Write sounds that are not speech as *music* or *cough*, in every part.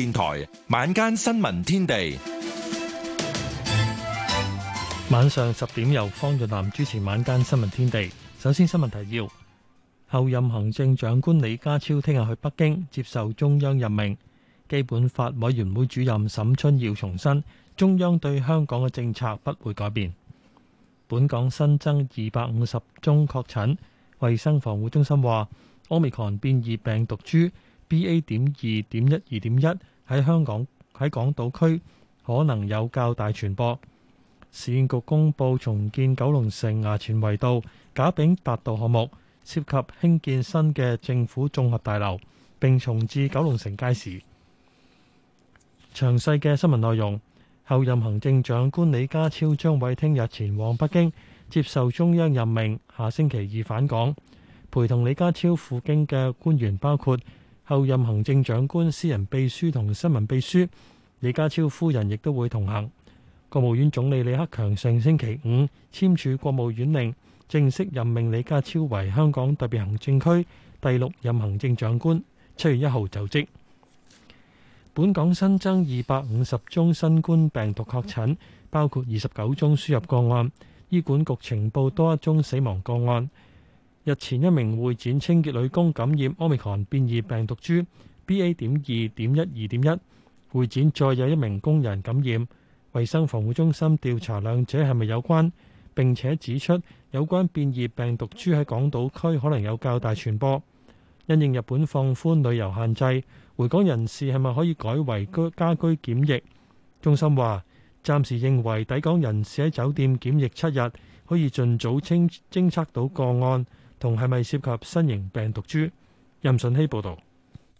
電台晚間新聞天地，晚上十點由方潤南主持晚間新聞天地。首先新聞提要：后任行政長官李家超聽日去北京接受中央任命，基本法委員會主任沈春耀重申，中央對香港嘅政策不會改變。本港新增二百五十宗確診，衛生防護中心話，奧密克戎變異病毒株 BA. 點二點一二點一。喺香港喺港島區可能有較大傳播。市建局公布重建九龍城衙前圍道、賈炳達道項目，涉及興建新嘅政府綜合大樓，並重置九龍城街市。詳細嘅新聞內容，候任行政長官李家超將會聽日前往北京接受中央任命，下星期二返港。陪同李家超赴京嘅官員包括。後任行政長官私人秘書同新聞秘書，李家超夫人亦都會同行。國務院總理李克強上星期五簽署國務院令，正式任命李家超為香港特別行政區第六任行政長官，七月一號就職。本港新增二百五十宗新冠病毒確診，包括二十九宗輸入個案。醫管局情報多一宗死亡個案。日前一名會展清潔女工感染 Omicron 變異病毒株 B.A. 點二點一二點一，會展再有一名工人感染，衛生防護中心調查兩者係咪有關，並且指出有關變異病毒株喺港島區可能有較大傳播。因應日本放寬旅遊限制，回港人士係咪可以改為家居檢疫？中心話暫時認為抵港人士喺酒店檢疫七日，可以儘早清偵測到個案。同係咪涉及新型病毒株？任順希報道。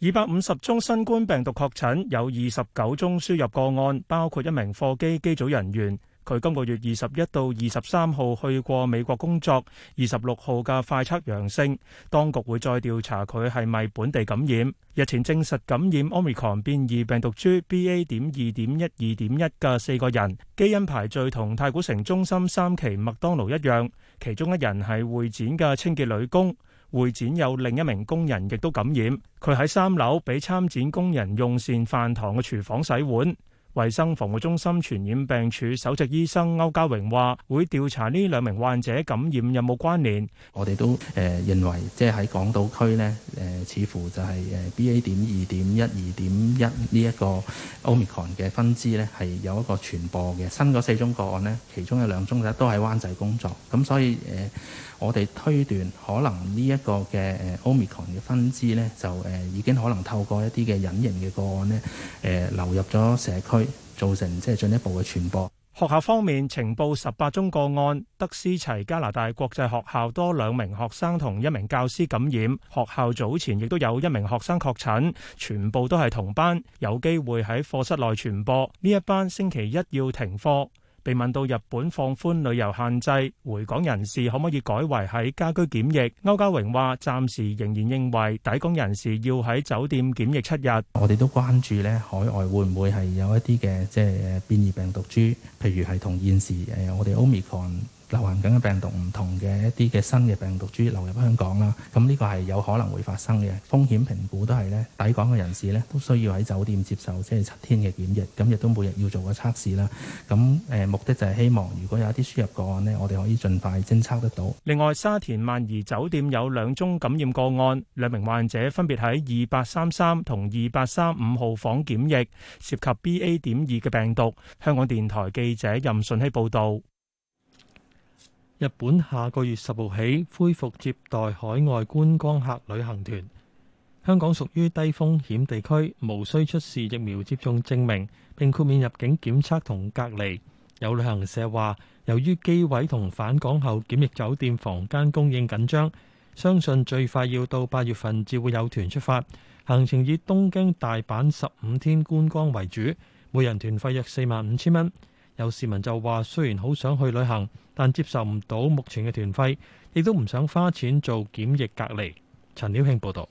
二百五十宗新冠病毒確診，有二十九宗輸入個案，包括一名貨機機組人員。佢今個月二十一到二十三號去過美國工作，二十六號嘅快測陽性，當局會再調查佢係咪本地感染。日前證實感染 Omicron 變異病毒株 BA. 點二點一二點一嘅四個人，基因排序同太古城中心三期麥當勞一樣，其中一人係會展嘅清潔女工，會展有另一名工人亦都感染，佢喺三樓俾參展工人用膳飯堂嘅廚房洗碗。衛生防護中心傳染病處首席醫生歐家榮話，會調查呢兩名患者感染，有冇關聯。我哋都誒認為，即係喺港島區呢，誒、呃、似乎就係誒 B A 點二點一二點一呢一個 Omicron 嘅分支呢，係有一個傳播嘅新。嗰四宗個案呢，其中有兩宗咧，都喺灣仔工作，咁所以誒。呃我哋推斷，可能呢一個嘅 Omicron 嘅分支呢，就誒已經可能透過一啲嘅隱形嘅個案呢誒、呃、流入咗社區，造成即係進一步嘅傳播。學校方面，呈報十八宗個案，德思齊加拿大國際學校多兩名學生同一名教師感染，學校早前亦都有一名學生確診，全部都係同班，有機會喺課室內傳播。呢一班星期一要停課。被問到日本放寬旅遊限制，回港人士可唔可以改為喺家居檢疫？歐家榮話：暫時仍然認為抵港人士要喺酒店檢疫七日。我哋都關注呢海外會唔會係有一啲嘅即係變異病毒株，譬如係同現時誒我哋 Omicron 流行緊嘅病毒唔同嘅一啲嘅新嘅病毒株流入香港啦，咁呢個係有可能會發生嘅風險評估都係咧，抵港嘅人士咧，都需要喺酒店接受即係七天嘅檢疫，咁亦都每日要做個測試啦。咁誒目的就係希望，如果有啲輸入個案呢，我哋可以盡快偵測得到。另外，沙田萬怡酒店有兩宗感染個案，兩名患者分別喺二八三三同二八三五號房檢疫，涉及 B A 點二嘅病毒。香港電台記者任順希報導。日本下個月十號起恢復接待海外觀光客旅行團，香港屬於低風險地區，無需出示疫苗接種證明，並豁免入境檢測同隔離。有旅行社話，由於機位同返港後檢疫酒店房間供應緊張，相信最快要到八月份至會有團出發，行程以東京、大阪十五天觀光為主，每人團費約四萬五千蚊。有市民就話：雖然好想去旅行，但接受唔到目前嘅團費，亦都唔想花錢做檢疫隔離。陳了慶報導，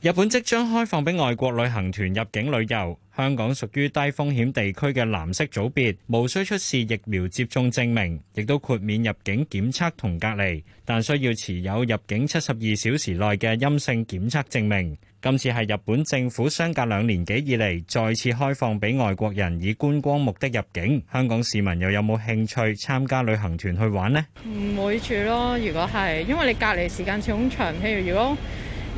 日本即將開放俾外國旅行團入境旅遊。香港屬於低風險地區嘅藍色組別，無需出示疫苗接種證明，亦都豁免入境檢測同隔離，但需要持有入境七十二小時內嘅陰性檢測證明。今次係日本政府相隔兩年幾以嚟，再次開放俾外國人以觀光目的入境。香港市民又有冇興趣參加旅行團去玩呢？唔會住咯，如果係，因為你隔離時間似好長。譬如如果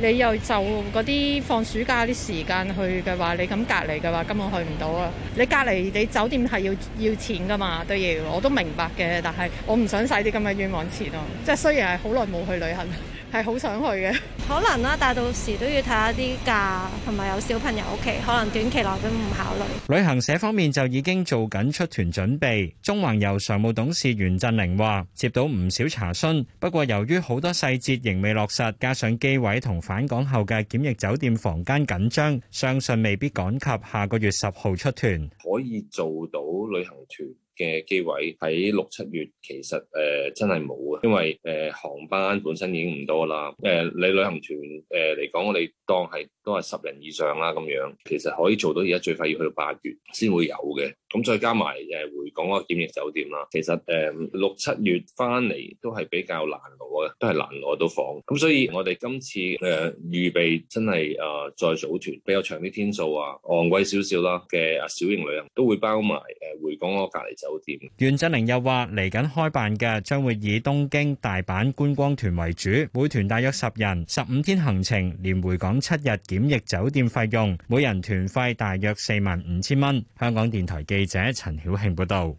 你又就嗰啲放暑假啲時間去嘅話，你咁隔離嘅話，根本去唔到啊！你隔離你酒店係要要錢㗎嘛？對，我都明白嘅，但係我唔想使啲咁嘅冤枉錢咯。即係雖然係好耐冇去旅行。係好想去嘅，可能啦、啊，但到時都要睇下啲價，同埋有，有小朋友屋企，可能短期內都唔考慮。旅行社方面就已經做緊出團準備。中環遊常務董事袁振寧話，接到唔少查詢，不過由於好多細節仍未落實，加上機位同返港後嘅檢疫酒店房間緊張，相信未必趕及下個月十號出團。可以做到旅行團。嘅機位喺六七月其實誒、呃、真係冇啊，因為誒、呃、航班本身已經唔多啦。誒、呃、你旅行團誒嚟講，我哋、呃、當係都係十人以上啦咁樣，其實可以做到。而家最快要去到八月先會有嘅。咁再加埋誒回港嗰個檢疫酒店啦，其實誒六七月翻嚟都係比較難攞嘅，都係難攞到房。咁所以我哋今次誒預備真係誒再組團，比較長啲天數啊，昂貴少少啦嘅啊小型旅行都會包埋誒回港嗰個隔離酒店。袁振寧又話：嚟緊開辦嘅將會以東京大阪觀光團為主，每團大約十人，十五天行程，連回港七日檢疫酒店費用，每人團費大約四萬五千蚊。香港電台記。記者陳曉慶報道，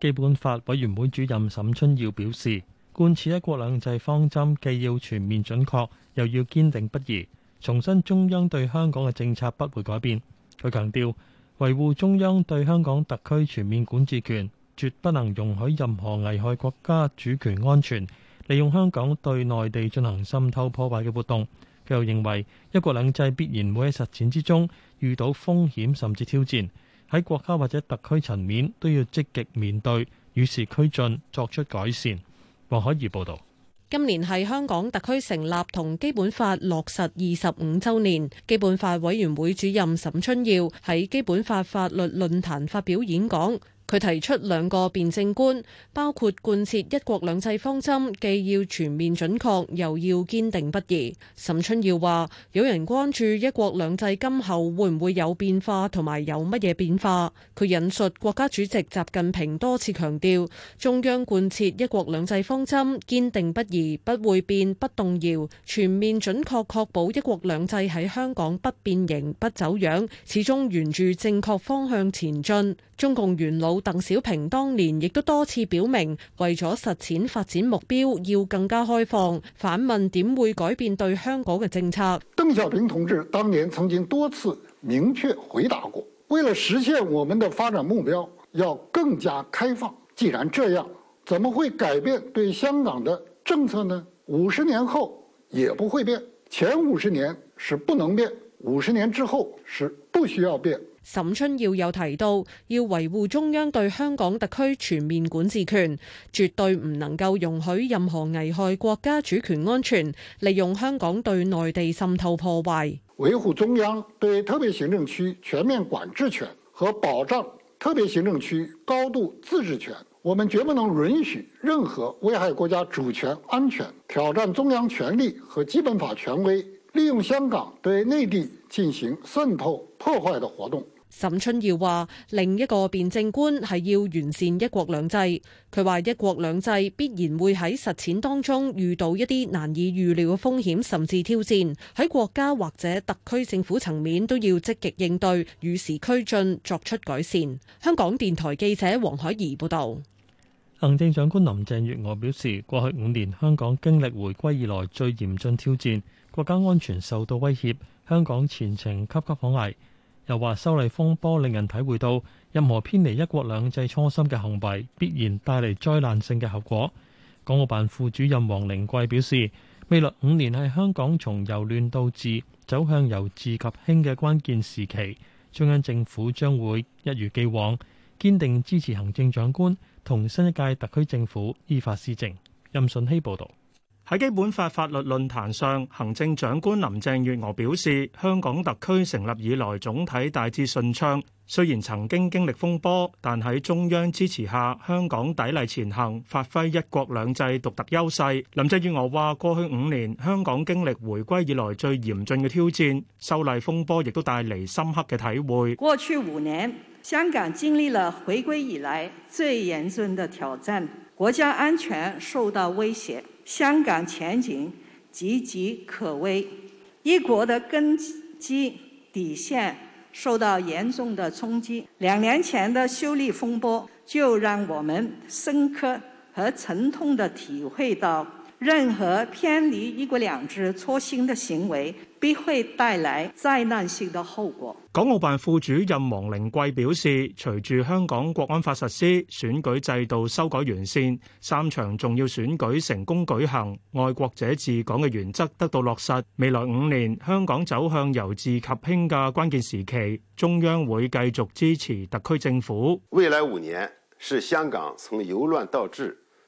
基本法委員會主任沈春耀表示，貫徹一國兩制方針既要全面準確，又要堅定不移，重申中央對香港嘅政策不會改變。佢強調，維護中央對香港特區全面管治權，絕不能容許任何危害國家主權安全、利用香港對內地進行滲透破壞嘅活動。佢又認為，一國兩制必然會喺實踐之中遇到風險甚至挑戰。喺國家或者特區層面都要積極面對，與時俱進，作出改善。黃海怡報導。今年係香港特區成立同基本法落實二十五週年，基本法委員會主任沈春耀喺基本法法律論壇發表演講。佢提出兩個辯證觀，包括貫徹一國兩制方針，既要全面準確，又要堅定不移。沈春耀話：有人關注一國兩制今後會唔會有變化，同埋有乜嘢變化？佢引述國家主席習近平多次強調，中央貫徹一國兩制方針，堅定不移，不會變、不動搖，全面準確，確保一國兩制喺香港不變形、不走樣，始終沿住正確方向前進。中共元老，鄧小平當年亦都多次表明，為咗實踐發展目標，要更加開放。反問點會改變對香港嘅政策？鄧小平同志當年曾經多次明確回答過，為了實現我們的發展目標，要更加開放。既然這樣，怎麼會改變對香港嘅政策呢？五十年後也不會變，前五十年是不能變，五十年之後是不需要變。沈春耀又提到，要維護中央對香港特區全面管治權，絕對唔能夠容許任何危害國家主權安全、利用香港對內地滲透破壞。維護中央對特別行政區全面管治權和保障特別行政區高度自治權，我們絕不能允許任何危害國家主權安全、挑戰中央權力和基本法權威、利用香港對內地進行滲透破壞的活動。沈春耀話：另一個辯證觀係要完善一國兩制。佢話一國兩制必然會喺實踐當中遇到一啲難以預料嘅風險甚至挑戰，喺國家或者特區政府層面都要積極應對，與時俱進，作出改善。香港電台記者黃海怡報道。行政長官林鄭月娥表示，過去五年香港經歷回歸以來最嚴峻挑戰，國家安全受到威脅，香港前程岌岌可危。又話修例風波令人體會到任何偏離一國兩制初心嘅行為，必然帶嚟災難性嘅後果。港澳辦副主任黃靈桂表示，未來五年係香港從由亂到治走向由治及興嘅關鍵時期，中央政府將會一如既往堅定支持行政長官同新一屆特區政府依法施政。任信希報導。喺基本法法律論壇上，行政長官林鄭月娥表示，香港特區成立以來總體大致順暢，雖然曾經經歷風波，但喺中央支持下，香港砥礪前行，發揮一國兩制獨特優勢。林鄭月娥話：過去五年，香港經歷回歸以來最嚴峻嘅挑戰，修例風波亦都帶嚟深刻嘅體會。過去五年，香港經歷了回歸以來最嚴峻的挑戰，國家安全受到威脅。香港前景岌岌可危，一國的根基底線受到嚴重的衝擊，兩年前的修例風波，就讓我們深刻和沉痛的體會到。任何偏離一國兩制初心的行為，必會帶來災難性的後果。港澳辦副主任王靈貴表示，隨住香港國安法實施、選舉制度修改完善、三場重要選舉成功舉行，愛國者治港嘅原則得到落實。未來五年，香港走向由治及興嘅關鍵時期，中央會繼續支持特區政府。未來五年是香港從由亂到治，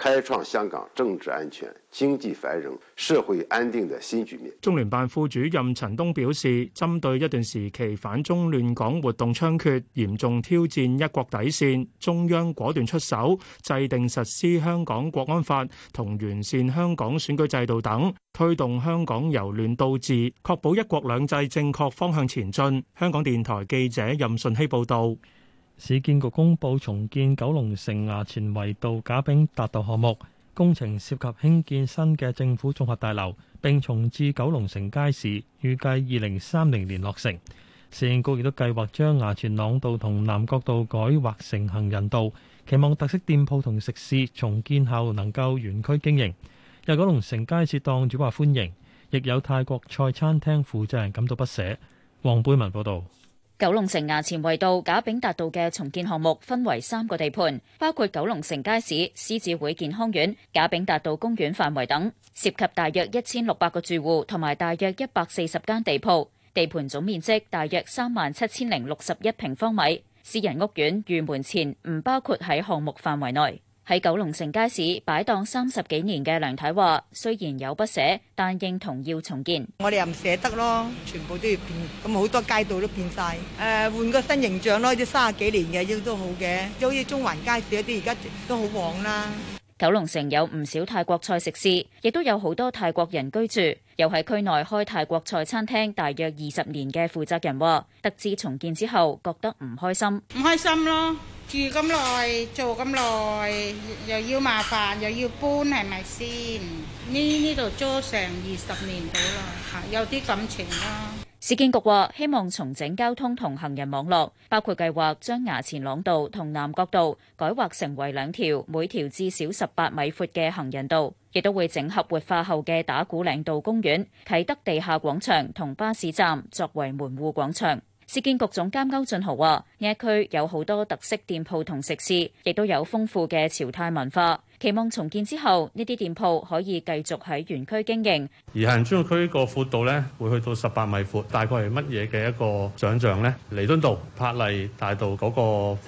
開創香港政治安全、經濟繁榮、社會安定的新局面。中聯辦副主任陳東表示，針對一段時期反中亂港活動猖獗，嚴重挑戰一國底線，中央果斷出手，制定實施香港國安法同完善香港選舉制度等，推動香港由亂到治，確保一國兩制正確方向前進。香港電台記者任順熙報道。市建局公布重建九龍城衙前圍道賈炳達道項目，工程涉及興建新嘅政府綜合大樓，並重置九龍城街市，預計二零三零年落成。市建局亦都計劃將衙前塱道同南角道改劃成行人道，期望特色店鋪同食肆重建後能夠原區經營。有九龍城街市檔主話歡迎，亦有泰國菜餐廳負責人感到不捨。黃貝文報道。九龍城衙前圍道、賈炳達道嘅重建項目分為三個地盤，包括九龍城街市、獅子會健康院、賈炳達道公園範圍等，涉及大約一千六百個住戶同埋大約一百四十間地鋪，地盤總面積大約三萬七千零六十一平方米，私人屋苑御門前唔包括喺項目範圍內。喺九龍城街市擺檔三十幾年嘅梁太話：雖然有不捨，但認同要重建。我哋又唔捨得咯，全部都要變，咁好多街道都變晒。誒、呃，換個新形象咯，啲卅幾年嘅應都好嘅，就好似中環街市嗰啲而家都好旺啦。九龍城有唔少泰國菜食肆，亦都有好多泰國人居住。又喺區內開泰國菜餐廳大約二十年嘅負責人話：得知重建之後，覺得唔開心。唔開心咯。住咁耐，做咁耐，又要麻煩，又要搬，係咪先？呢呢度租成二十年到啦吓，有啲感情啦。市建局話希望重整交通同行人網絡，包括計劃將衙前塱道同南角道改劃成為兩條每條至少十八米闊嘅行人道，亦都會整合活化後嘅打鼓嶺道公園、啟德地下廣場同巴士站作為門戶廣場。市建局總監歐俊豪話。呢一區有好多特色店鋪同食肆，亦都有豐富嘅潮泰文化。期望重建之後，呢啲店鋪可以繼續喺園區經營。而行人專用區個闊度呢，會去到十八米闊，大概係乜嘢嘅一個想像呢？彌敦道、柏麗大道嗰個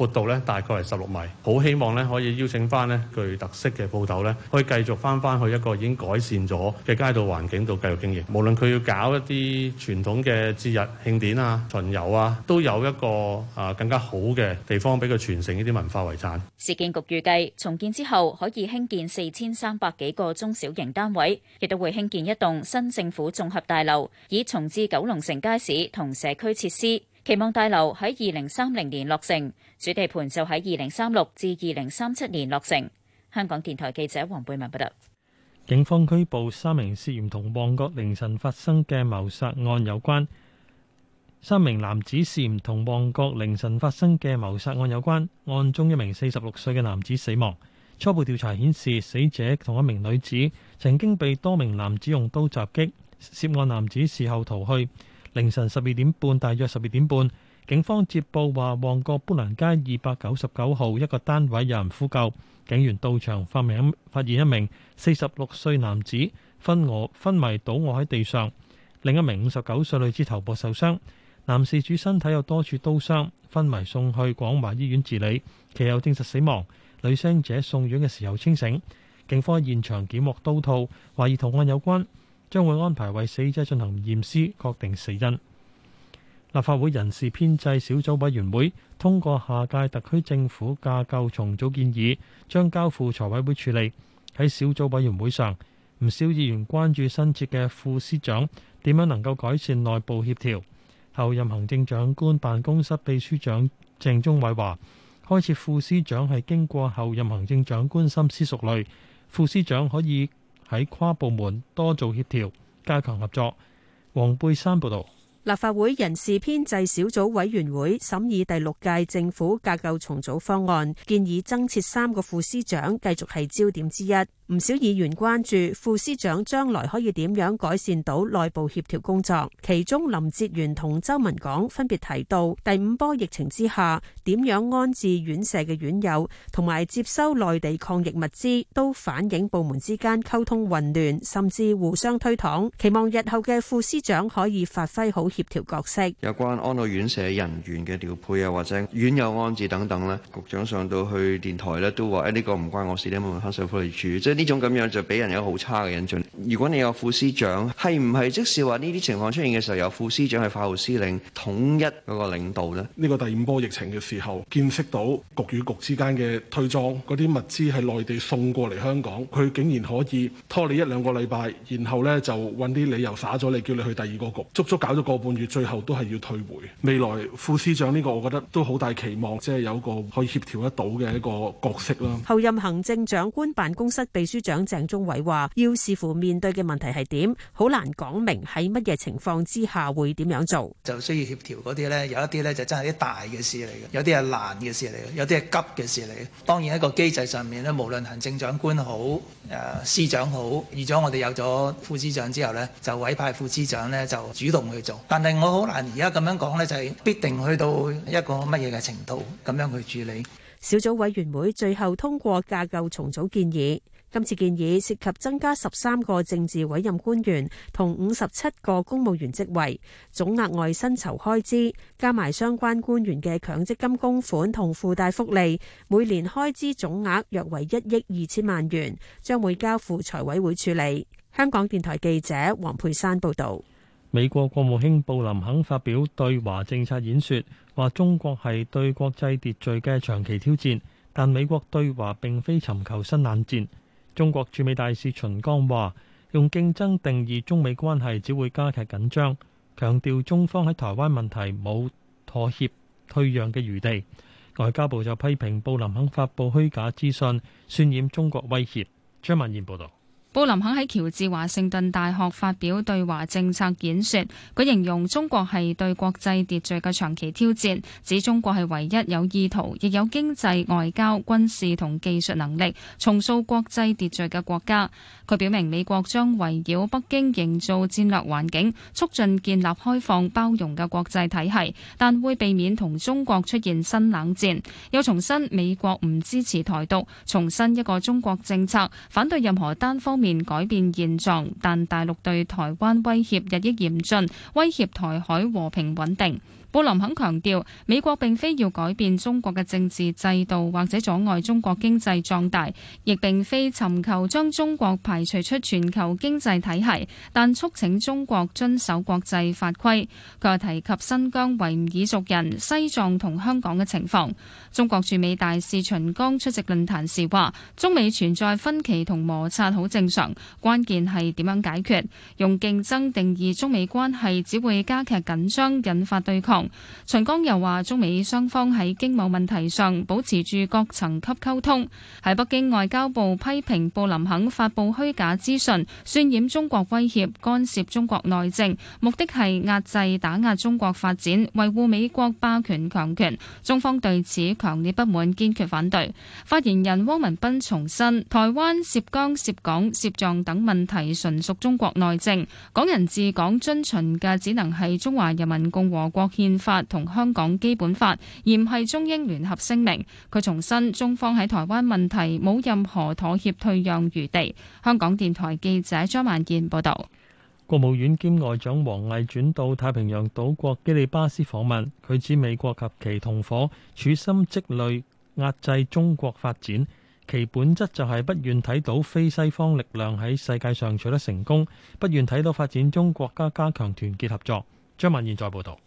闊度呢，大概係十六米。好希望呢，可以邀請翻呢具特色嘅鋪頭呢，可以繼續翻翻去一個已經改善咗嘅街道環境度繼續經營。無論佢要搞一啲傳統嘅節日慶典啊、巡遊啊，都有一個啊。更加好嘅地方，俾佢傳承呢啲文化遺產。市建局預計重建之後，可以興建四千三百幾個中小型單位，亦都會興建一棟新政府綜合大樓，以重置九龍城街市同社區設施。期望大樓喺二零三零年落成，主地盤就喺二零三六至二零三七年落成。香港電台記者黃貝文報道。警方拘捕三名涉嫌同旺角凌晨發生嘅謀殺案有關。三名男子涉嫌同旺角凌晨發生嘅謀殺案有關，案中一名四十六歲嘅男子死亡。初步調查顯示，死者同一名女子曾經被多名男子用刀襲擊，涉案男子事後逃去。凌晨十二點半，大約十二點半，警方接報話旺角砵蘭街二百九十九號一個單位有人呼救，警員到場發明發現一名四十六歲男子昏我昏迷倒臥喺地上，另一名五十九歲女子頭部受傷。男事主身體有多處刀傷，昏迷送去廣華醫院治理，其後證實死亡。女傷者送院嘅時候清醒，警方喺現場檢獲刀套，懷疑同案有關，將會安排為死者進行驗屍，確定死因。立法會人事編制小組委員會通過下屆特區政府架構重組建議，將交付財委會處理。喺小組委員會上，唔少議員關注新設嘅副司長點樣能夠改善內部協調。後任行政長官辦公室秘書長鄭中偉話，開設副司長係經過後任行政長官深思熟慮，副司長可以喺跨部門多做協調，加強合作。黃貝山報道，立法會人事編制小組委員會審議第六屆政府架構重組方案，建議增設三個副司長，繼續係焦點之一。唔少議員關注副司長將來可以點樣改善到內部協調工作，其中林哲玄同周文港分別提到，第五波疫情之下點樣安置院舍嘅院友，同埋接收內地抗疫物資，都反映部門之間溝通混亂，甚至互相推搪。期望日後嘅副司長可以發揮好協調角色。有關安老院舍人員嘅調配啊，或者院友安置等等呢，局長上到去電台咧都話，誒呢個唔關我事，你事，你問社會福利署，即係呢。呢種咁樣就俾人有好差嘅印象。如果你有副司長，係唔係即係話呢啲情況出現嘅時候，有副司長係法務司令統一嗰個領導呢？呢個第五波疫情嘅時候，見識到局與局之間嘅推莊，嗰啲物資係內地送過嚟香港，佢竟然可以拖你一兩個禮拜，然後呢就揾啲理由耍咗你，叫你去第二個局，足足搞咗個半月，最後都係要退回。未來副司長呢個，我覺得都好大期望，即係有一個可以協調得到嘅一個角色啦。候任行政長官辦公室秘司長鄭中偉話，要視乎面對嘅問題係點，好難講明喺乜嘢情況之下會點樣做，就需要協調嗰啲呢，有一啲呢就真係啲大嘅事嚟嘅，有啲係難嘅事嚟嘅，有啲係急嘅事嚟嘅。當然一個機制上面呢，無論行政長官好誒，司長好，預咗我哋有咗副司長之後呢，就委派副司長呢就主動去做。但係我好難而家咁樣講呢，就係必定去到一個乜嘢嘅程度咁樣去處理。小組委員會最後通過架構重組建議。今次建議涉及增加十三個政治委任官員同五十七個公務員職位，總額外薪酬開支加埋相關官員嘅強積金供款同附帶福利，每年開支總額約為一億二千萬元，將會交付財委會處理。香港電台記者黃佩山報導。美國國務卿布林肯發表對華政策演說，話中國係對國際秩序嘅長期挑戰，但美國對華並非尋求新冷戰。中國駐美大使秦剛話：用競爭定義中美關係，只會加劇緊張。強調中方喺台灣問題冇妥協退讓嘅餘地。外交部就批評布林肯發佈虛假資訊，渲染中國威脅。張文賢報道。布林肯喺喬治華盛頓大學發表對華政策演說，佢形容中國係對國際秩序嘅長期挑戰，指中國係唯一有意圖、亦有經濟、外交、軍事同技術能力重塑國際秩序嘅國家。佢表明美國將圍繞北京營造戰略環境，促進建立開放包容嘅國際體系，但會避免同中國出現新冷戰。又重申美國唔支持台獨，重申一個中國政策，反對任何單方。面改變現狀，但大陸對台灣威脅日益嚴峻，威脅台海和平穩定。布林肯強調，美國並非要改變中國嘅政治制度或者阻礙中國經濟壯大，亦並非尋求將中國排除出全球經濟體系，但促請中國遵守國際法規。佢又提及新疆維吾爾族人、西藏同香港嘅情況。中國駐美大使秦剛出席論壇時話：中美存在分歧同摩擦好正常，關鍵係點樣解決。用競爭定義中美關係，只會加劇緊張，引發對抗。秦剛又話：中美雙方喺經貿問題上保持住各層級溝通。喺北京外交部批評布林肯發布虛假資訊，渲染中國威脅、干涉中國內政，目的係壓制、打壓中國發展，維護美國霸權強權。中方對此強烈不滿，堅決反對。發言人汪文斌重申：台灣涉疆、涉港、涉藏等問題純屬中國內政，港人治港遵循嘅只能係中華人民共和國憲法同香港基本法，而唔係中英聯合聲明。佢重申，中方喺台灣問題冇任何妥協退讓餘地。香港電台記者張萬健報道。國務院兼外長王毅轉到太平洋島國基里巴斯訪問，佢指美國及其同伙處心積慮壓制中國發展，其本質就係不願睇到非西方力量喺世界上取得成功，不願睇到發展中國家加強團結合作。張萬健再報道。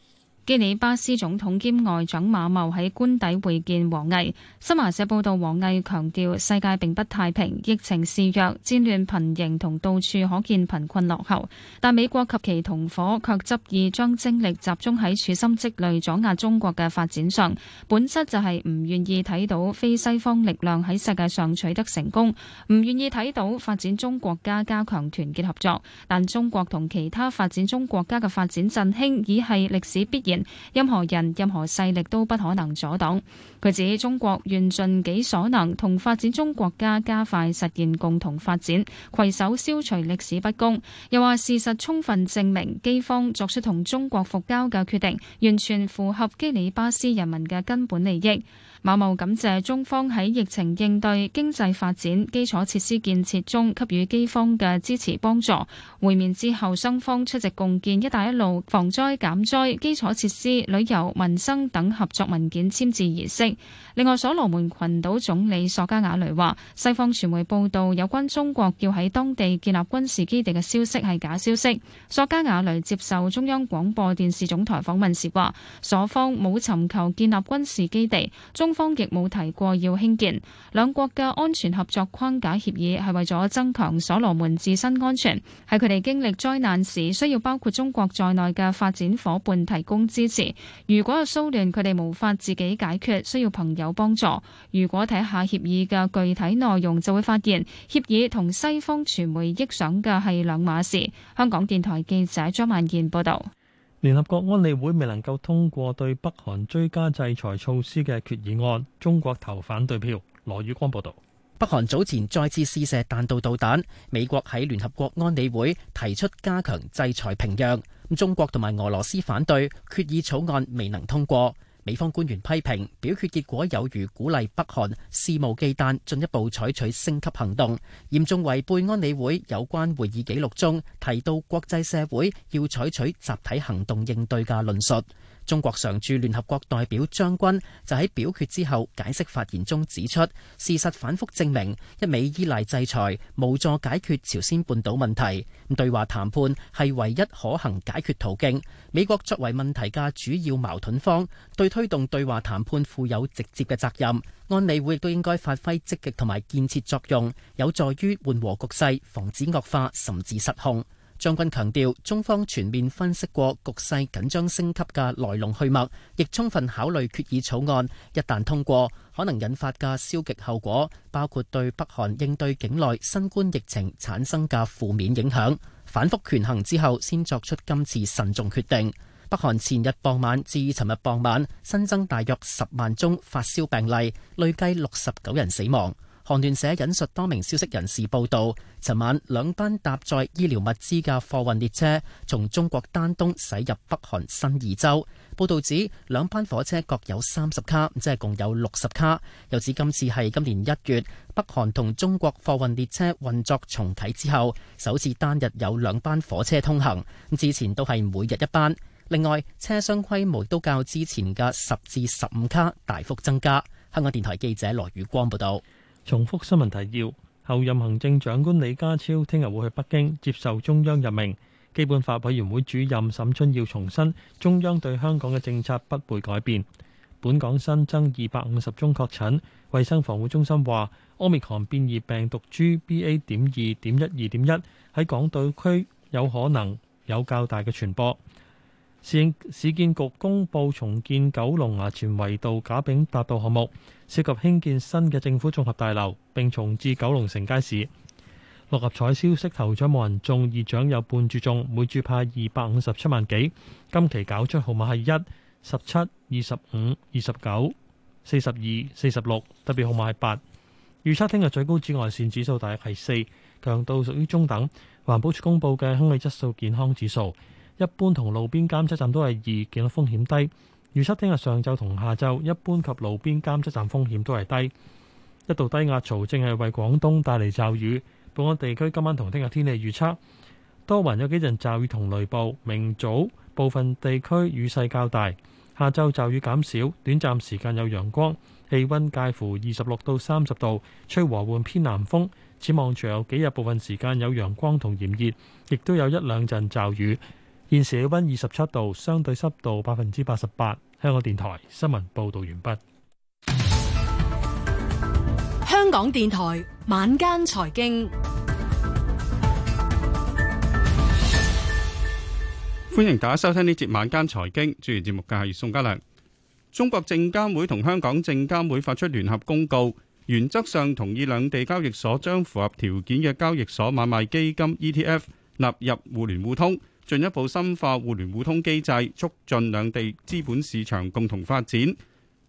基里巴斯總統兼外長馬茂喺官邸會見王毅。新華社報導，王毅強調：世界並不太平，疫情肆虐，戰亂頻仍，同到處可見貧困落後。但美國及其同伙卻執意將精力集中喺處心積慮阻壓中國嘅發展上，本質就係唔願意睇到非西方力量喺世界上取得成功，唔願意睇到發展中國家加強團結合作。但中國同其他發展中國家嘅發展振興，已係歷史必然。任何人、任何勢力都不可能阻擋。佢指中國願盡己所能，同發展中國家加快實現共同發展，攜手消除歷史不公。又話事實充分證明，基方作出同中國復交嘅決定，完全符合基里巴斯人民嘅根本利益。馬茂感謝中方喺疫情應對、經濟發展、基礎設施建設中給予基方嘅支持幫助。會面之後，雙方出席共建“一帶一路”防災減災、基礎設施、旅遊、民生等合作文件簽字儀式。另外，索羅門群島總理索加瓦雷話：西方傳媒報道有關中國要喺當地建立軍事基地嘅消息係假消息。索加瓦雷接受中央廣播電視總台訪問時話：索方冇尋求建立軍事基地，中方亦冇提過要興建，兩國嘅安全合作框架協議係為咗增強所羅門自身安全，喺佢哋經歷災難時需要包括中國在內嘅發展伙伴提供支持。如果係騷亂，佢哋無法自己解決，需要朋友幫助。如果睇下協議嘅具體內容，就會發現協議同西方傳媒臆想嘅係兩碼事。香港電台記者張萬燕報道。聯合國安理會未能夠通過對北韓追加制裁措施嘅決議案，中國投反對票。羅宇光報道，北韓早前再次試射彈道導彈，美國喺聯合國安理會提出加強制裁平壤，中國同埋俄羅斯反對，決議草案未能通過。美方官員批評表決結果有如鼓勵北韓肆無忌憚進一步採取升級行動，嚴重違背安理會有關會議紀錄中提到國際社會要採取集體行動應對嘅論述。中國常駐聯合國代表張軍就喺表決之後解釋發言中指出，事實反覆證明，一味依賴制裁無助解決朝鮮半島問題。對話談判係唯一可行解決途徑。美國作為問題嘅主要矛盾方，對推動對話談判負有直接嘅責任。安理會亦都應該發揮積極同埋建設作用，有助於緩和局勢，防止惡化，甚至失控。將軍強調，中方全面分析過局勢緊張升級嘅來龍去脈，亦充分考慮決議草案一旦通過可能引發嘅消極後果，包括對北韓應對境內新冠疫情產生嘅負面影響。反覆權衡之後，先作出今次慎重決定。北韓前日傍晚至尋日傍晚新增大約十萬宗發燒病例，累計六十九人死亡。韓聯社引述多名消息人士報道，尋晚兩班搭載醫療物資嘅貨運列車從中國丹東駛入北韓新義州。報道指兩班火車各有三十卡，即係共有六十卡。又指今次係今年一月北韓同中國貨運列車運作重啟之後，首次單日有兩班火車通行。之前都係每日一班。另外車廂規模都較之前嘅十至十五卡大幅增加。香港電台記者羅宇光報導。重複新聞提要：後任行政長官李家超聽日會去北京接受中央任命。基本法委員會主任沈春耀重申，中央對香港嘅政策不會改變。本港新增二百五十宗確診，衛生防護中心話，奧密克戎變異病毒 G B A 點二點一二點一喺港島區有可能有較大嘅傳播。市市建局公布重建九龍衙前圍道賈炳達道項目，涉及興建新嘅政府綜合大樓，並重置九龍城街市。六合彩消息，頭獎冇人中，二獎有半注中，每注派二百五十七萬幾。今期攪出號碼係一、十七、二十五、二十九、四十二、四十六。特別號碼係八。預測聽日最高紫外線指數大約係四，強度屬於中等。環保署公佈嘅空氣質素健康指數，一般同路邊監測站都係二，見到風險低。預測聽日上晝同下晝一般及路邊監測站風險都係低。一道低壓槽正係為廣東帶嚟驟雨。本港地區今晚同聽日天氣預測，多雲，有幾陣驟雨同雷暴，明早部分地區雨勢較大。下晝驟雨減少，短暫時間有陽光，氣温介乎二十六到三十度，吹和緩偏南風。展望仲有幾日部分時間有陽光同炎熱，亦都有一兩陣驟雨。現時氣温二十七度，相對濕度百分之八十八。香港電台新聞報道完畢。香港電台晚間財經，歡迎大家收聽呢節晚間財經。主持節目嘅係宋家良。中國證監會同香港證監會發出聯合公告，原則上同意兩地交易所將符合條件嘅交易所買賣基金 （ETF） 納入互聯互通。進一步深化互聯互通機制，促進兩地資本市場共同發展。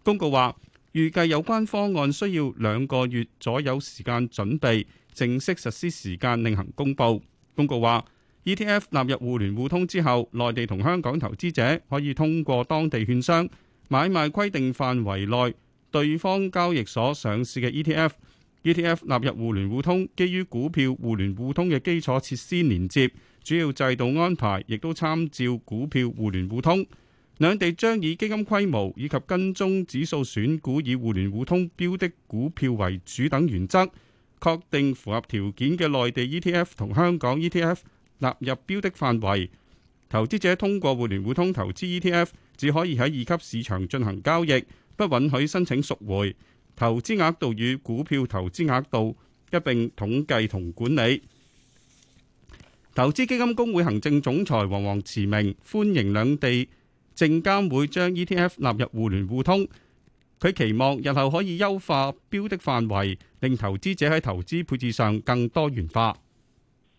公告話，預計有關方案需要兩個月左右時間準備，正式實施時間另行公佈。公告話，ETF 納入互聯互通之後，內地同香港投資者可以通過當地券商買賣規定範圍內對方交易所上市嘅 ETF。ETF 納入互聯互通，基於股票互聯互通嘅基礎設施連接。主要制度安排亦都參照股票互聯互通，兩地將以基金規模以及跟蹤指數選股以互聯互通標的股票為主等原則，確定符合條件嘅內地 ETF 同香港 ETF 納入標的範圍。投資者通過互聯互通投資 ETF，只可以喺二級市場進行交易，不允許申請贖回。投資額度與股票投資額度一併統計同管理。投資基金公會行政總裁黃黃慈明歡迎兩地證監會將 ETF 納入互聯互通，佢期望日後可以優化標的範圍，令投資者喺投資配置上更多元化。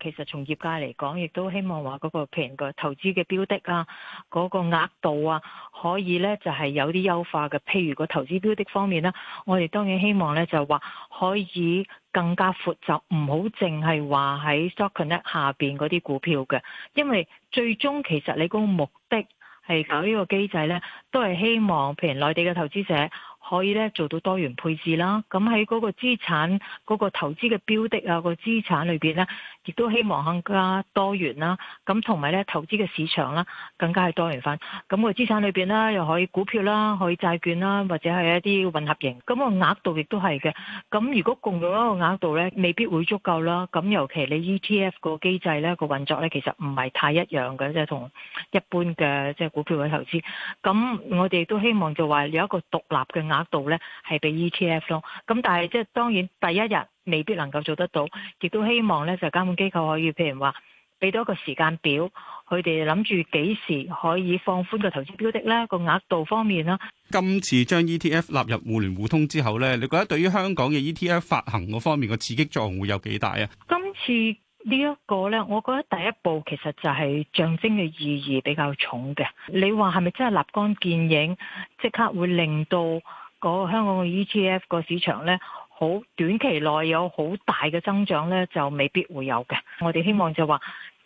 其實從業界嚟講，亦都希望話嗰個譬如個投資嘅標的啊，嗰個額度啊，可以呢就係有啲優化嘅。譬如個投資標的方面咧，我哋當然希望呢就話可以更加闊，就唔好淨係話喺 Stock Connect 下邊嗰啲股票嘅，因為最終其實你嗰個目的係搞呢個機制呢，都係希望譬如內地嘅投資者可以呢做到多元配置啦。咁喺嗰個資產嗰個投資嘅標的啊，個資產裏邊呢。亦都希望更加多元啦，咁同埋咧，投資嘅市場啦更加係多元翻。咁個資產裏邊啦，又可以股票啦，可以債券啦，或者係一啲混合型。咁個額度亦都係嘅。咁如果共用一個額度咧，未必會足夠啦。咁尤其你 ETF 個機制咧，個運作咧，其實唔係太一樣嘅，即係同一般嘅即係股票嘅投資。咁我哋都希望就話有一個獨立嘅額度咧，係俾 ETF 咯。咁但係即係當然第一日，未必能夠做得到，亦都希望呢就監管機構可以，譬如話，俾到一個時間表，佢哋諗住幾時可以放寬個投資標的呢個額度方面啦。今次將 ETF 納入互聯互通之後呢，你覺得對於香港嘅 ETF 發行個方面個刺激作用會有幾大啊？今次呢一個呢，我覺得第一步其實就係象徵嘅意義比較重嘅。你話係咪真係立竿見影，即刻會令到嗰個香港嘅 ETF 個市場呢？好短期內有好大嘅增長咧，就未必會有嘅。我哋希望就話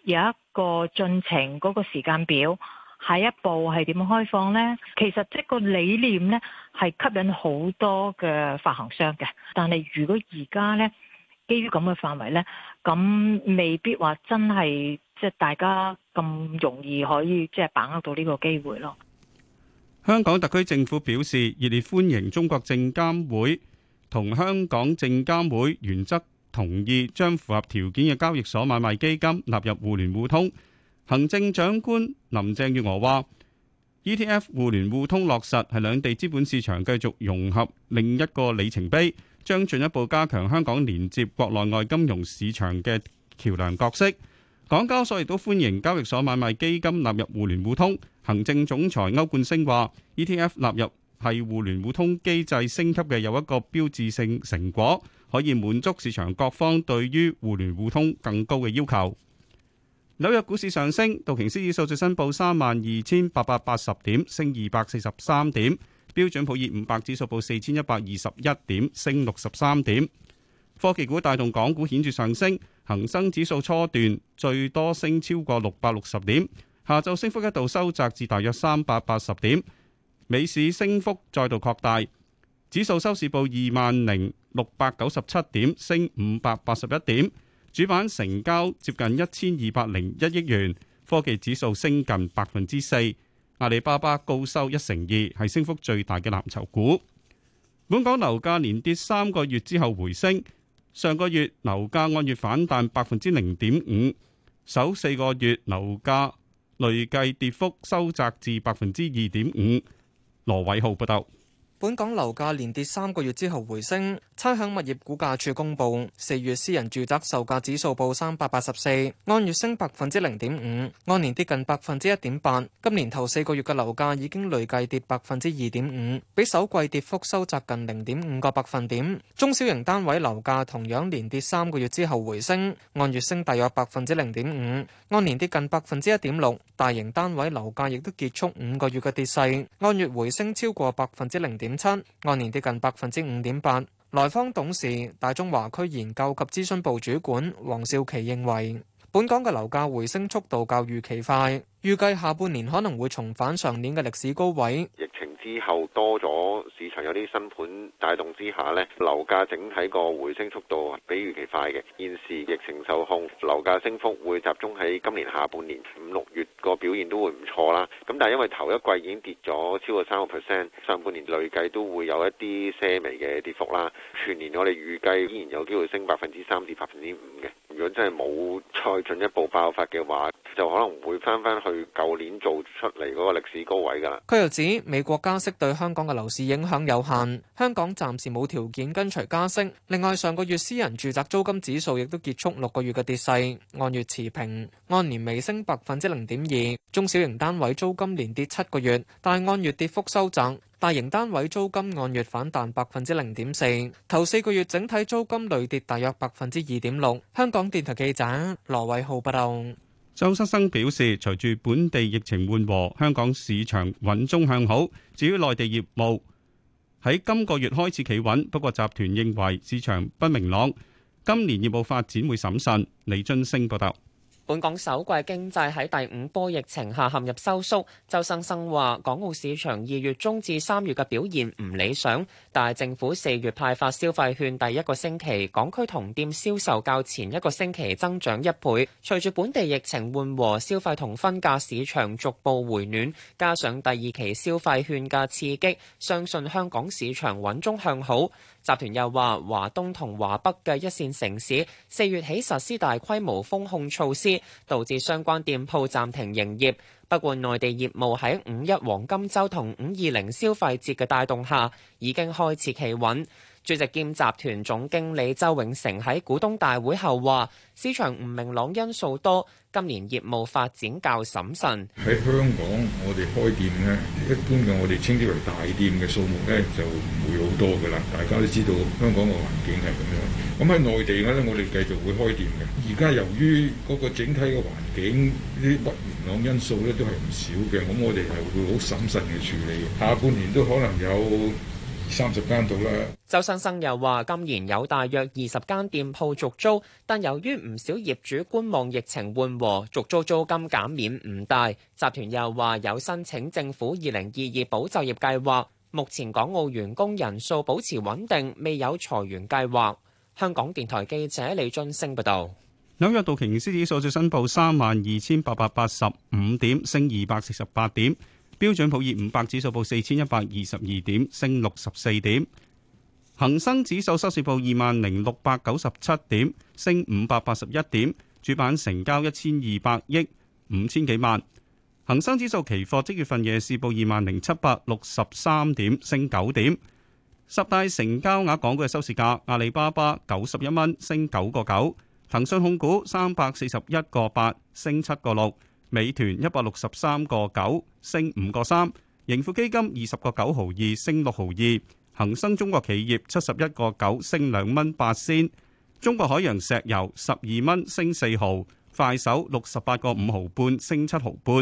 有一個進程，嗰個時間表，下一步係點樣開放咧？其實即個理念咧係吸引好多嘅發行商嘅，但係如果而家咧基於咁嘅範圍咧，咁未必話真係即係大家咁容易可以即係把握到呢個機會咯。香港特區政府表示熱烈歡迎中國證監會，同香港證監會原則同意將符合條件嘅交易所買賣基金納入互聯互通。行政長官林鄭月娥話：E T F 互聯互通落實係兩地資本市場繼續融合另一個里程碑，將進一步加強香港連接國內外金融市場嘅橋梁角色。港交所亦都歡迎交易所買賣基金納入互聯互通。行政總裁歐冠升話：E T F 納入係互聯互通機制升級嘅又一個標誌性成果，可以滿足市場各方對於互聯互通更高嘅要求。紐約股市上升，道瓊斯指數最新報三萬二千八百八十點，升二百四十三點；標準普爾五百指數報四千一百二十一點，升六十三點。科技股帶動港股顯著上升，恒生指數初段最多升超過六百六十點，下晝升幅一度收窄至大約三百八十點。美市升幅再度擴大，指數收市報二萬零六百九十七點，升五百八十一點。主板成交接近一千二百零一億元，科技指數升近百分之四。阿里巴巴高收一成二，係升幅最大嘅藍籌股。本港樓價連跌三個月之後回升，上個月樓價按月反彈百分之零點五，首四個月樓價累計跌幅收窄至百分之二點五。羅偉浩報道。本港樓價連跌三個月之後回升，差餉物業估價署公佈，四月私人住宅售價指數報三百八十四，按月升百分之零點五，按年跌近百分之一點八。今年頭四個月嘅樓價已經累計跌百分之二點五，比首季跌幅收窄近零點五個百分點。中小型單位樓價同樣連跌三個月之後回升，按月升大約百分之零點五，按年跌近百分之一點六。大型單位樓價亦都結束五個月嘅跌勢，按月回升超過百分之零點。按年跌近百分之五點八。萊坊董事、大中華區研究及諮詢部主管黃少琪認為，本港嘅樓價回升速度較預期快，預計下半年可能會重返上年嘅歷史高位。之後多咗市場有啲新盤帶動之下呢，樓價整體個回升速度啊，比預期快嘅。現時疫情受控，樓價升幅會集中喺今年下半年五六月個表現都會唔錯啦。咁但係因為頭一季已經跌咗超過三個 percent，上半年累計都會有一啲輕微嘅跌幅啦。全年我哋預計依然有機會升百分之三至百分之五嘅，如果真係冇再進一步爆發嘅話，就可能會翻翻去舊年做出嚟嗰個歷史高位㗎啦。佢又指美國加息對香港嘅樓市影響有限，香港暫時冇條件跟隨加息。另外，上個月私人住宅租金指數亦都結束六個月嘅跌勢，按月持平，按年微升百分之零點二。中小型單位租金連跌七個月，但按月跌幅收窄；大型單位租金按月反彈百分之零點四。頭四個月整體租金累跌大約百分之二點六。香港電台記者羅偉浩報道。周生生表示，隨住本地疫情緩和，香港市場穩中向好。至於內地業務，喺今個月開始企穩，不過集團認為市場不明朗，今年業務發展會審慎。李津升報道。本港首季經濟喺第五波疫情下陷入收縮，周生生話：港澳市場二月中至三月嘅表現唔理想，但係政府四月派發消費券第一個星期，港區同店銷售較前一個星期增長一倍。隨住本地疫情緩和，消費同分價市場逐步回暖，加上第二期消費券嘅刺激，相信香港市場穩中向好。集團又話：華東同華北嘅一線城市四月起實施大規模封控措施。導致相關店鋪暫停營業。不過，內地業務喺五一黃金周同五二零消費節嘅帶動下，已經開始企穩。主席兼集團總經理周永成喺股東大會後話：市場唔明朗因素多，今年業務發展較審慎。喺香港，我哋開店呢，一般嘅我哋稱之為大店嘅數目呢，就唔會好多㗎喇。大家都知道香港嘅環境係咁樣。咁喺內地咧，我哋繼續會開店嘅。而家由於嗰個整體嘅環境，啲不明朗因素咧都係唔少嘅。咁我哋係會好審慎嘅處理。下半年都可能有三十間度啦。周生生又話：今年有大約二十間店鋪續租，但由於唔少業主觀望疫情緩和，續租租金減免唔大。集團又話有申請政府二零二二保就業計劃，目前港澳員工人數保持穩定，未有裁員計劃。香港電台記者李俊升報道：紐約道瓊斯指數最新報三萬二千八百八十五點，升二百四十八點；標準普爾五百指數報四千一百二十二點，升六十四點；恒生指數收市報二萬零六百九十七點，升五百八十一點；主板成交一千二百億五千幾萬；恒生指數期貨即月份夜市報二萬零七百六十三點，升九點。十大成交額港股嘅收市價：阿里巴巴九十一蚊，升九個九；騰訊控股三百四十一個八，升七個六；美團一百六十三個九，升五個三；盈富基金二十個九毫二，升六毫二；恒生中國企業七十一個九，升兩蚊八仙；中國海洋石油十二蚊，升四毫；快手六十八個五毫半，升七毫半；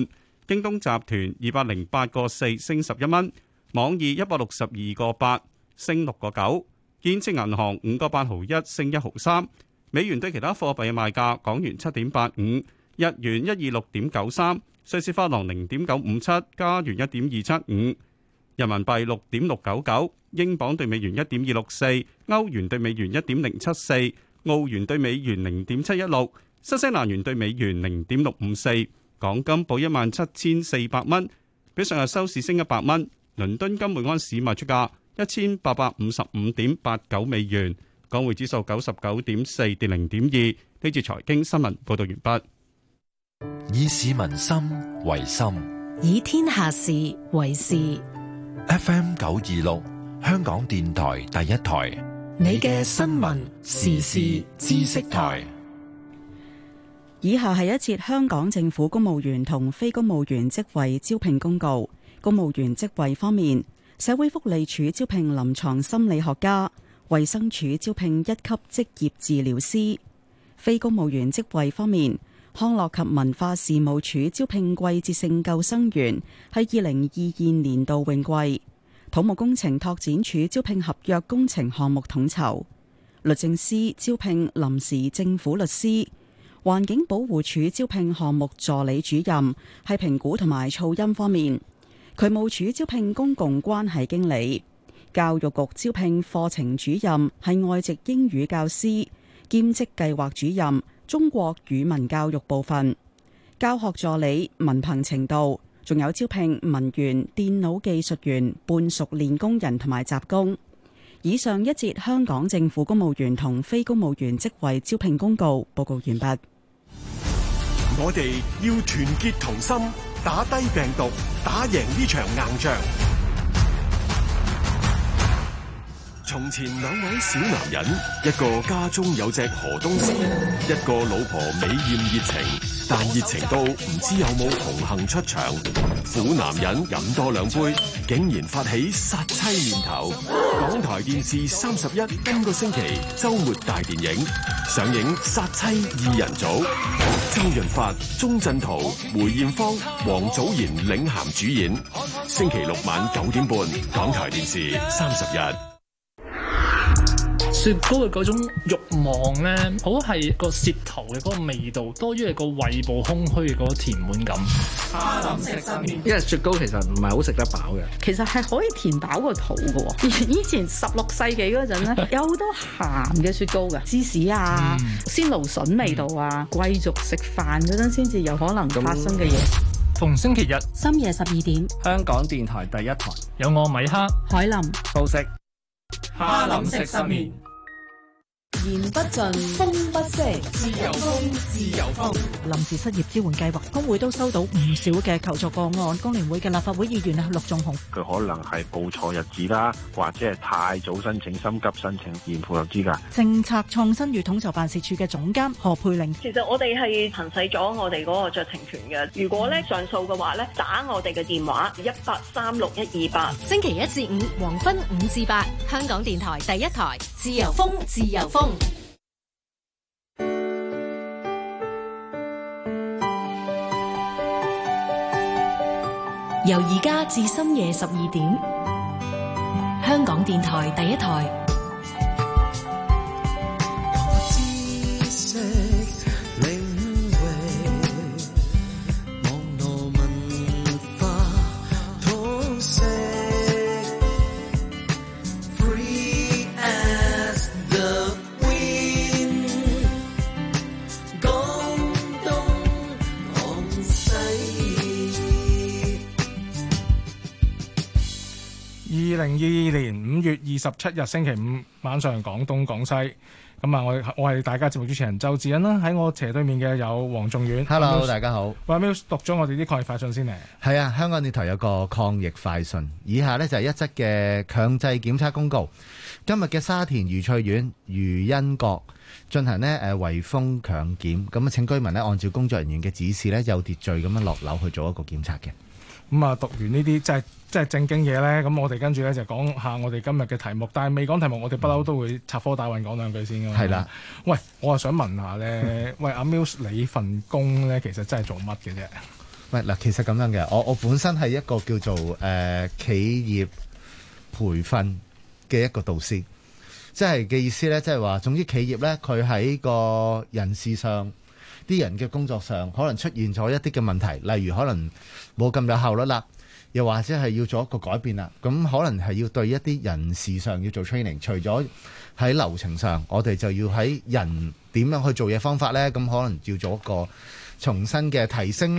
京東集團二百零八個四，升十一蚊；網易一百六十二個八，升六個九，建設銀行五個八毫一，升一毫三。美元對其他貨幣嘅賣價：港元七點八五，日元一二六點九三，瑞士法郎零點九五七，加元一點二七五，人民幣六點六九九，英鎊兌美元一點二六四，歐元兌美元一點零七四，澳元兌美元零點七一六，新西蘭元兌美元零點六五四。港金報一萬七千四百蚊，比上日收市升一百蚊。倫敦金每安士賣出價。一千八百五十五點八九美元，港匯指數九十九點四跌零點二。呢節財經新聞報道完畢。以市民心為心，以天下事為事。FM 九二六，香港電台第一台，你嘅新聞時事知識台。以下係一節香港政府公務員同非公務員職位招聘公告。公務員職位方面。社會福利署招聘臨床心理學家，衛生署招聘一級職業治療師。非公務員職位方面，康樂及文化事務署招聘季節性救生員，係二零二二年度泳季。土木工程拓展署招聘合約工程項目統籌，律政司招聘臨時政府律師，環境保護署招聘項目助理主任，係評估同埋噪音方面。渠務署招聘公共關係經理，教育局招聘課程主任係外籍英語教師、兼職計劃主任、中國語文教育部分教學助理文憑程度，仲有招聘文員、電腦技術員、半熟練工人同埋雜工。以上一節香港政府公務員同非公務員職位招聘公告報告完畢。我哋要團結同心，打低病毒，打贏呢場硬仗。從前兩位小男人，一個家中有隻河東獅，一個老婆美艷熱情，但熱情到唔知有冇紅杏出牆。苦男人飲多兩杯，竟然發起殺妻念頭。港台電視三十一今個星期周末大電影上映，殺妻二人組，周潤發、鍾鎮濤、梅艷芳、王祖賢領銜主演。星期六晚九點半，港台電視三十一。雪糕嘅嗰種慾望咧，好係個舌頭嘅嗰個味道多於係個胃部空虛嗰個填滿感。哈林食失眠，因為、yeah，雪糕其實唔係好食得飽嘅。其實係可以填飽個肚嘅。 *laughs* 以前十六世紀嗰陣咧，有好多鹹嘅雪糕嘅，芝士啊、 *laughs* 鮮蘆筍味道啊，嗯、貴族食飯嗰陣先至有可能發生嘅嘢。逢星期日深夜十二點，香港電台第一台有我米克、海林、素食。哈林食失眠。言不盡，風不息，自由風，自由風。臨時失業支援計劃，工會都收到唔少嘅求助個案，工聯會嘅立法會議員陸仲雄，佢可能係報錯日子啦，或者係太早申請、心急申請現未符合資格。政策創新與統籌辦事處嘅總監何佩玲，其實我哋係行使咗我哋嗰個酌情權嘅。如果咧上訴嘅話咧，打我哋嘅電話一八三六一二八，星期一至五黃昏五至八，香港電台第一台，自由風，自由風。由而家至深夜十二點，香港電台第一台。二零二二年五月二十七日星期五晚上，廣東廣西。咁啊，我我係大家節目主持人周志恩啦。喺我斜對面嘅有黃仲遠。Hello，都大家好。喂，Miles 讀咗我哋啲抗疫快訊先嚟。係啊，香港電台有個抗疫快訊。以下呢就係一則嘅強制檢測公告。今日嘅沙田愉翠苑愉欣閣進行呢誒圍封強檢。咁啊，請居民呢按照工作人員嘅指示呢，有秩序咁樣落樓去做一個檢測嘅。咁啊，讀完呢啲即係即係正經嘢咧，咁我哋跟住咧就講下我哋今日嘅題目。但係未講題目，我哋不嬲都會插科打諢講兩句先嘅。係啦、嗯，喂，我又想問下咧，嗯、喂，阿 Muse 你份工咧其實真係做乜嘅啫？喂，嗱，其實咁樣嘅，我我本身係一個叫做誒、呃、企業培訓嘅一個導師，即係嘅意思咧，即係話總之企業咧，佢喺個人事上啲人嘅工作上，可能出現咗一啲嘅問題，例如可能。冇咁有效率啦，又或者係要做一個改變啦，咁可能係要對一啲人事上要做 training，除咗喺流程上，我哋就要喺人點樣去做嘢方法咧，咁可能要做一個重新嘅提升。